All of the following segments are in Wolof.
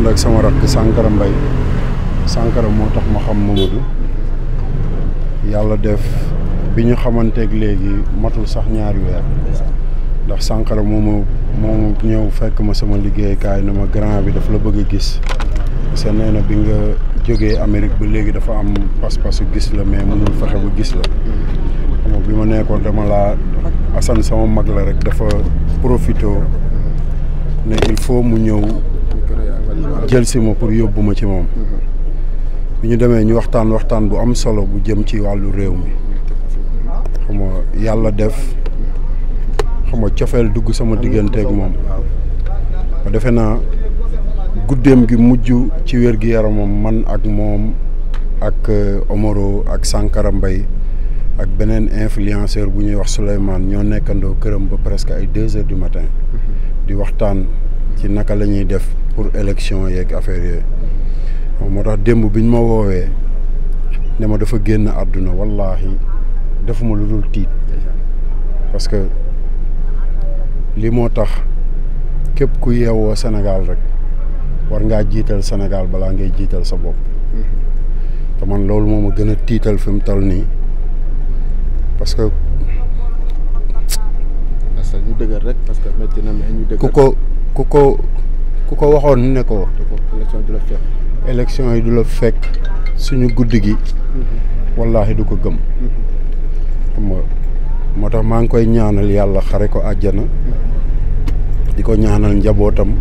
ànd ak sama rakk Sankara mbay Sankara moo tax ma xam Mamadou yàlla def bi ñu xamanteeg léegi matul sax ñaari weer ndax Sankara moo ma moo ñëw fekk ma sama liggéeykaay na ma grand bi daf la bëgg a gis parce que nee na bi nga jógee Amérique ba léegi dafa am pas-pasu gis la mais mënul fexe ba gis la bi ma nekkoon dama laa Assane sama mag la rek dafa profité ne il faut mu ñëw jël si ma pour yóbbu ma ci moom bu ñu demee ñu waxtaan waxtaan bu am solo bu jëm ci wàllu réew mi xam yàlla def xam nga cofeel dugg sama digganteeg moom defe naa guddeem gi mujj ci wér-gi-yaramam man ak moom ak euh, Omaro ak Sankara Mbaye ak beneen influenceur bu ñuy wax Souleymane ñoo nekkandoo këram ba presque ay deux heures du matin di waxtaan ci naka la ñuy def pour élection yeeg affaire yooyu donc moo tax démb bi ñu ma woowee ne ma dafa génn àdduna wallaahi defuma lu dul tiit parce que li moo tax képp ku yeewoo Sénégal rek war ngaa jiital Sénégal balaa ngay jiital sa bopp te man loolu moo ma gën a tiital fi mu toll nii parce que. parce que rek parce que ku ko ku ko ku ko waxoon ne ko. élection yi du la fekk suñu guddi gi. Mhm. wallaahi du ko gëm. Mhm. xam nga moo tax maa ngi koy ñaanal yàlla xare ko àjjana. di ko ñaanal njabootam.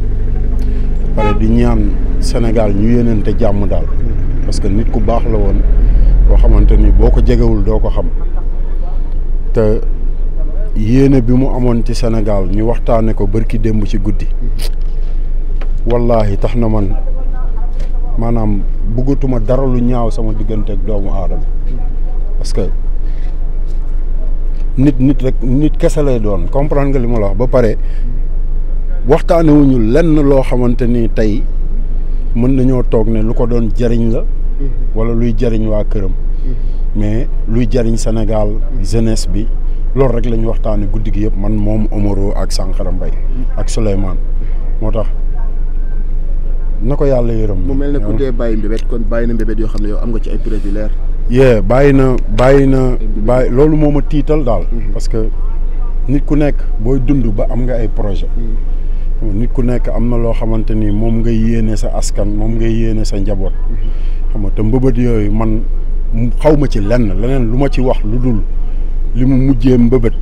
pare di ñaan Sénégal ñu yéenante jàmm daal. Mhm. parce que nit ku baax la woon. koo xamante ni boo ko jegewul doo ko xam te. yéene bi mu amoon ci Sénégal ñu waxtaane ko bërki démb ci guddi wallaahi tax na man maanaam buggatuma dara lu ñaaw sama diggante ak doomu aadama parce que nit nit rekk nit kese lay doon comprendre nga li ma la wax ba pare waxtaanewuñu lenn loo xamante ni tey mën nañoo toog ne lu ko doon jariñ la wala luy jariñ waa këram mm-hmm. mais luy jariñ Sénégal jeunesse bi loolu rek la ñu waxtaanee guddi gi yëpp man moom Omaro ak Sankara Mbaye ak Souleymane moo tax na ko yàlla yërëm. mu mel ne ku dee bàyyi mbébét kon bàyyi na yoo xam ne am nga ci ay preuve yu bàyyi na bàyyi na bàyyi loolu moo ma tiital daal. Mm-hmm. parce que nit ku nekk booy dund ba am nga ay projet mm-hmm. nit ku nekk am na loo xamante ni moom ngay yéene sa askan moom ngay yéene sa njaboot. Mm-hmm. xam nga te mbëbët yooyu man xawma ci lenn leneen lu ma ci wax lu dul. li mu mujjee mbëbët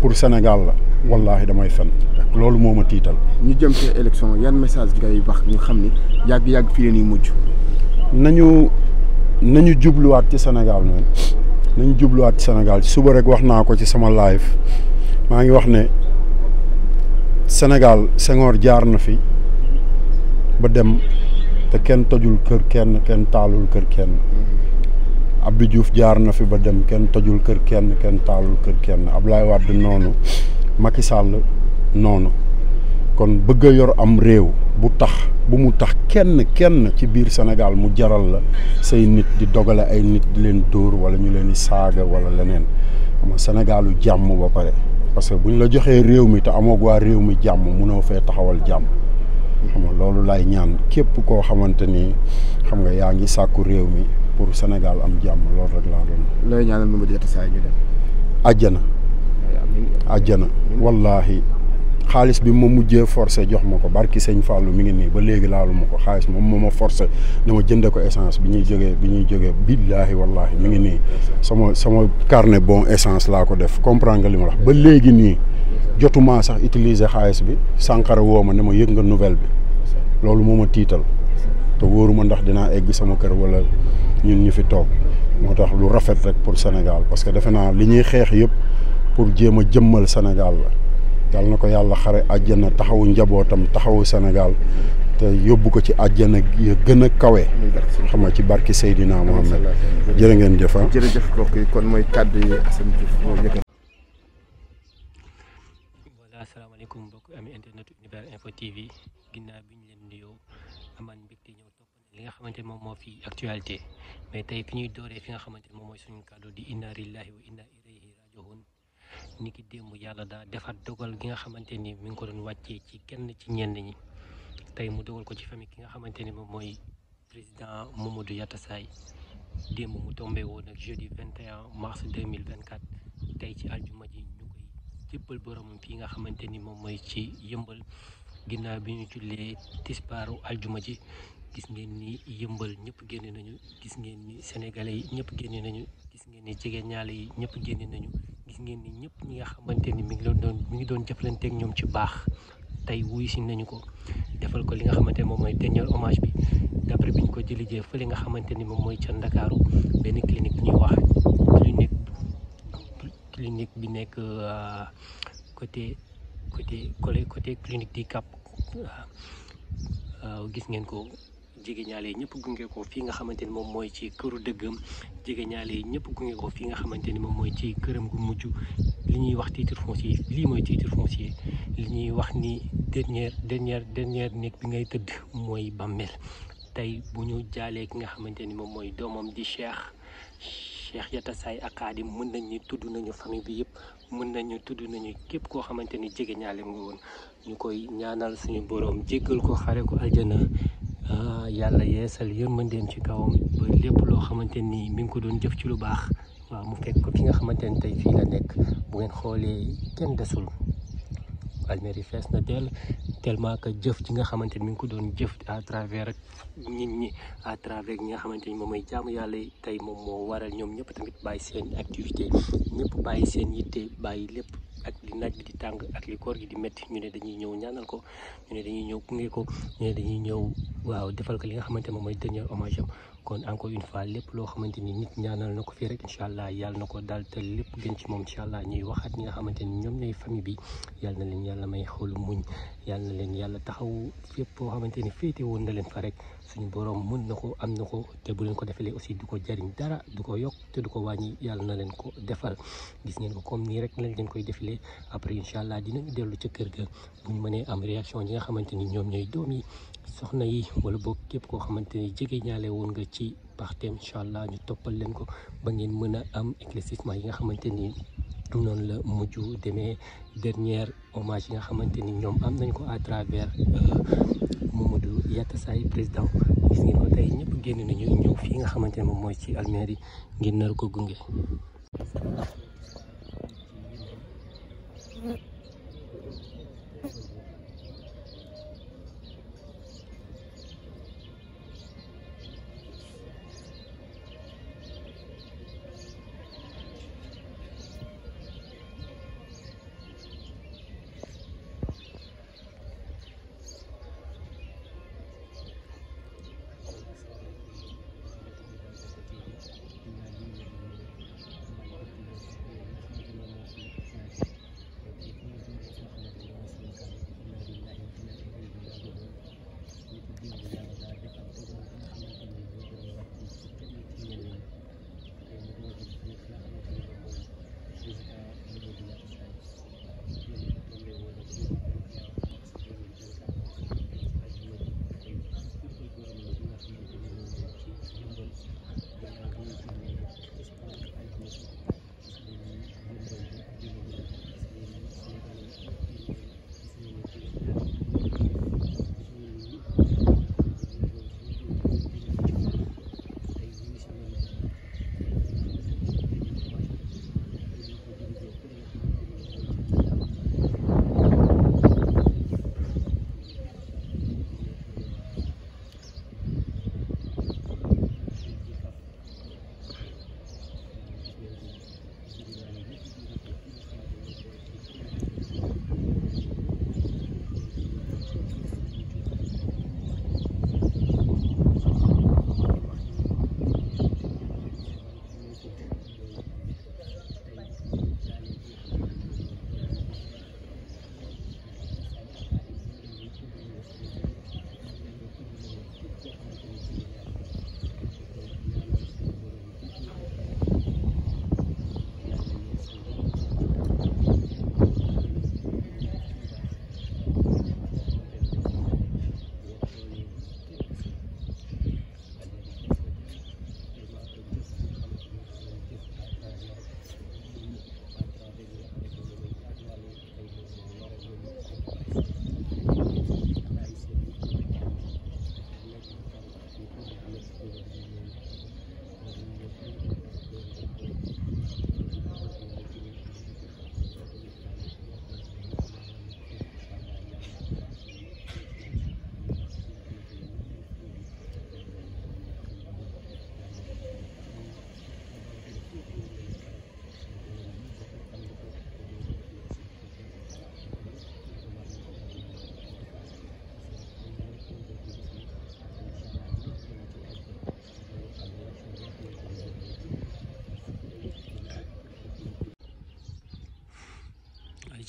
pour Sénégal la wallaahi damay fen loolu moo ma tiital. ñu jëm ci élection yan message ngay wax ñu xam ni yàgg yàgg fii la ñuy mujj. nañu nañu jubluwaat ci Sénégal jubluwaat ci suba rek wax naa ko ci sama live maa ngi wax ne Sénégal Senghor jaar na fi ba dem te kenn tojul kër kenn kenn taalul kër kenn. Mm-hmm. Abdou Diouf jaar na fi ba dem kenn tojul kër kenn kenn taalul kër kenn ab Ablaye Wade noonu Macky Sall noonu kon bëgg a yor am réew bu tax bu mu tax kenn kenn ci biir Sénégal mu jaral la say nit di dogale ay nit di leen dóor wala ñu leen di saaga wala leneen xam nga jàmm ba pare parce que bu ñu la joxee réew mi te amoog waa réew mi jàmm munoo fee taxawal jàmm xam nga loolu laay ñaan képp koo xamante ni xam nga yaa ngi sàkku réew mi pour Sénégal am jàmm loolu rek laa doon. looy ñaanal Mamadou Yatassay ñu dem. àjjana. àjjana wallaahi xaalis bi ma mujjee forcé jox ma ko barki sëñ Fallou mi ngi nii ba léegi laalu ma ko xaalis moom moo ma forcé ma jënde ko essence bi ñuy jógee bi ñuy jógee billaahi wallaahi mi ngi nii sama sama carnet bon essence laa ko def comprendre nga li ma wax ba léegi nii jotuma sax utiliser xaalis bi Sankara woo ma ne ma yëg nga nouvelle bi loolu moo ma tiital te wóoruma ndax dinaa egg sama kër wala ñun ñu fi toog moo tax lu rafet rek pour Sénégal parce que defe naa li ñuy xeex yëpp pour jéem a jëmmal Sénégal la yàlla na ko yàlla xare àjjana taxawu njabootam taxawu Sénégal te yóbbu ko ci àjjana ya gën a kawe. xam nga ci barki Seydina Mohamed. jërë ngeen jëfa ah. jërëjëf mbokk yi kon mooy kàddu ami internet univers info tv ginnaaw bi ñu leen nuyoo amaan mbégte ñëw topp li nga xamante moom moo fi actualité mais tey fi ñuy dooree fi nga xamante moom mooy suñu kàddu di inna lillahi wa inna ilayhi rajiun ni ki démb yàlla daa defaat dogal gi nga xamante ni mi ngi ko doon wàccee ci kenn ci ñenn ñi tey mu dogal ko ci famille ki nga xamante ni moom mooy président Mamadou Yatassaye démb mu tombé woon ak jeudi 21 mars 2024 tey ci aljuma jébbal boromam fii nga xamante ni moom mooy ci yëmbal ginnaaw bi ñu jullee tisbaaru aljuma ji gis ngeen ni yëmbal ñëpp génne nañu gis ngeen ni sénégalais yi ñëpp génne nañu gis ngeen ni jigéen ñaale yi ñëpp génne nañu gis ngeen ni ñëpp ñi nga xamante ni mi ngi doon doon mi ngi doon jëflanteeg ñoom ci baax tey wuy si nañu ko defal ko li nga xamante ne moom mooy dernier hommage bi d'après bi ñu ko jëlijee fële nga xamante ni moom mooy ca Ndakaaru bi nekk euh, côté côté côté clinique di Cap euh, euh, gis ngeen ko jigéen ñaale yi ñëpp gunge ko fii nga xamante ni moom mooy ci këru dëggam jigéen ñaale yi ñëpp gunge ko fii nga xamante ni moom mooy ci këram gu mujj li ñuy wax titre foncier lii mooy titre foncier li ñuy wax ni dernière dernière dernière néeg bi ngay tëdd mooy bàmmeel tey bu ñu jaalee ki nga xamante ni moom mooy doomam di Cheikh Cheikh Yatassay Akaadim mën nañ ni tudd nañu famille bi yëpp mën nañu tudd nañu képp koo xamante ni jege ñaale nga woon ñu koy ñaanal suñu boroom jéggal ko xare ko aljana ah, yàlla yeesal yërmandeem ci kawam ba lépp loo xamante nii mi ngi ko doon jëf ci lu baax waaw mu fekk ko ki nga xamante ni tey fii la nekk bu ngeen xoolee kenn desul Almeri fees na dell tellement que jëf ji nga xamante ni mi ngi ko doon jëf à travers ak nit ñi à travers ñi nga xamante ni moom mooy jaamu yàlla tey moom moo waral ñoom ñëpp tamit bàyyi seen activité ñëpp bàyyi seen yitte bàyyi lépp ak di naaj bi di tàng ak li koor gi di métti ñu ne dañuy ñëw ñaanal ko ñu ne dañuy ñëw gunge ko ñu ne dañuy ñëw waaw defal ko li nga xamante moom mooy dernier hommage am kon encore une fois lépp loo xamante ni nit ñaanal na ko fii rek incha allah yàlla na ko daal te lépp gën ci moom incha allah ñuy waxaat ñi nga xamante ni ñoom ñooy famille bi yàlla na leen yàlla may xolu muñ yàlla na leen yàlla taxaw fépp boo xamante ni féete woon na leen fa rek suñu borom mën na ko am na ko te bu leen ko defalee aussi du ko jariñ dara du ko yokk te du ko wàññi yàlla na leen ko defal gis ngeen ko comme nii rek lañ leen koy defalee après incha allah dinañu dellu ca kër ga bu ñu mënee am réaction nga xamante ni ñoom ñooy doom yi soxna yi wala boog képp koo xamante ni jege ñaale woon nga ci partem incha allah ñu toppal leen ko ba ngeen mën a am éclaircissement yi nga xamante ni noonu la mujj demee dernière hommage yi nga xamante ni ñoom am nañ ko à travers euh, Mamadou Yatassaye président gis ngeen ko tey ñëpp génn nañu ñëw fii nga xamante ne moom mooy ci almeeri ngir nar ko gunge.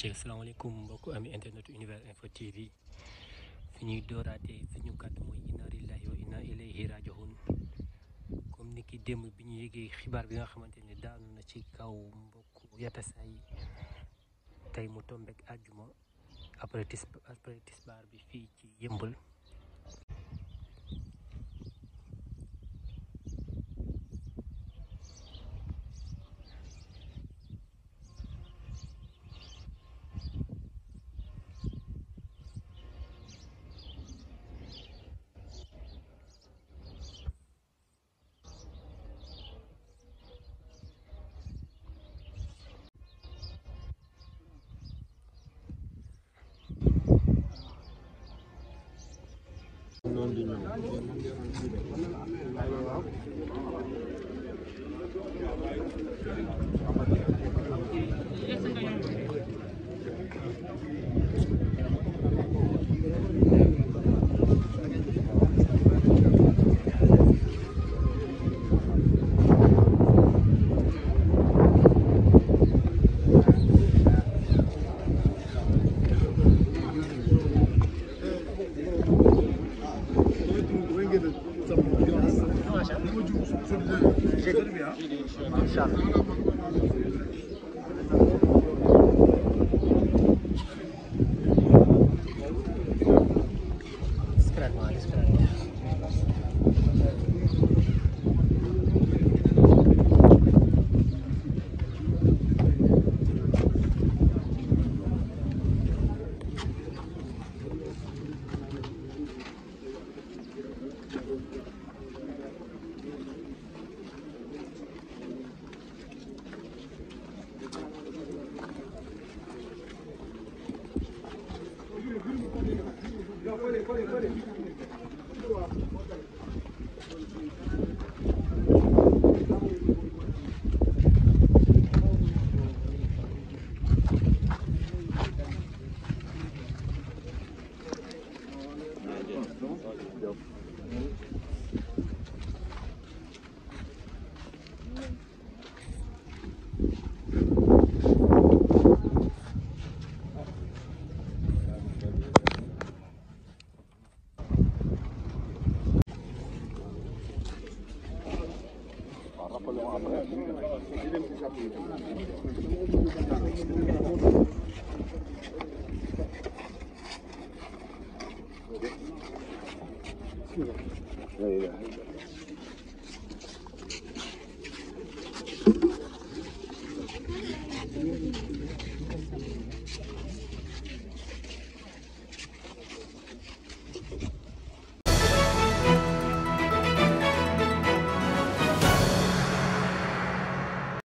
ci salaamaaleykum mbokk ami internet univers info tv fi ñuy dooraatee suñu kàddu mooy inna lillahi wa inna ilayhi rajiun comme ni ki démb bi ñu yégee xibaar bi nga xamante ni daanu na ci kaw mbokk yatasaa yi tey mu tombek àjjuma après tis après bi fii ci yëmbal di ñëw Thank you. Yep. لا إله إلا الله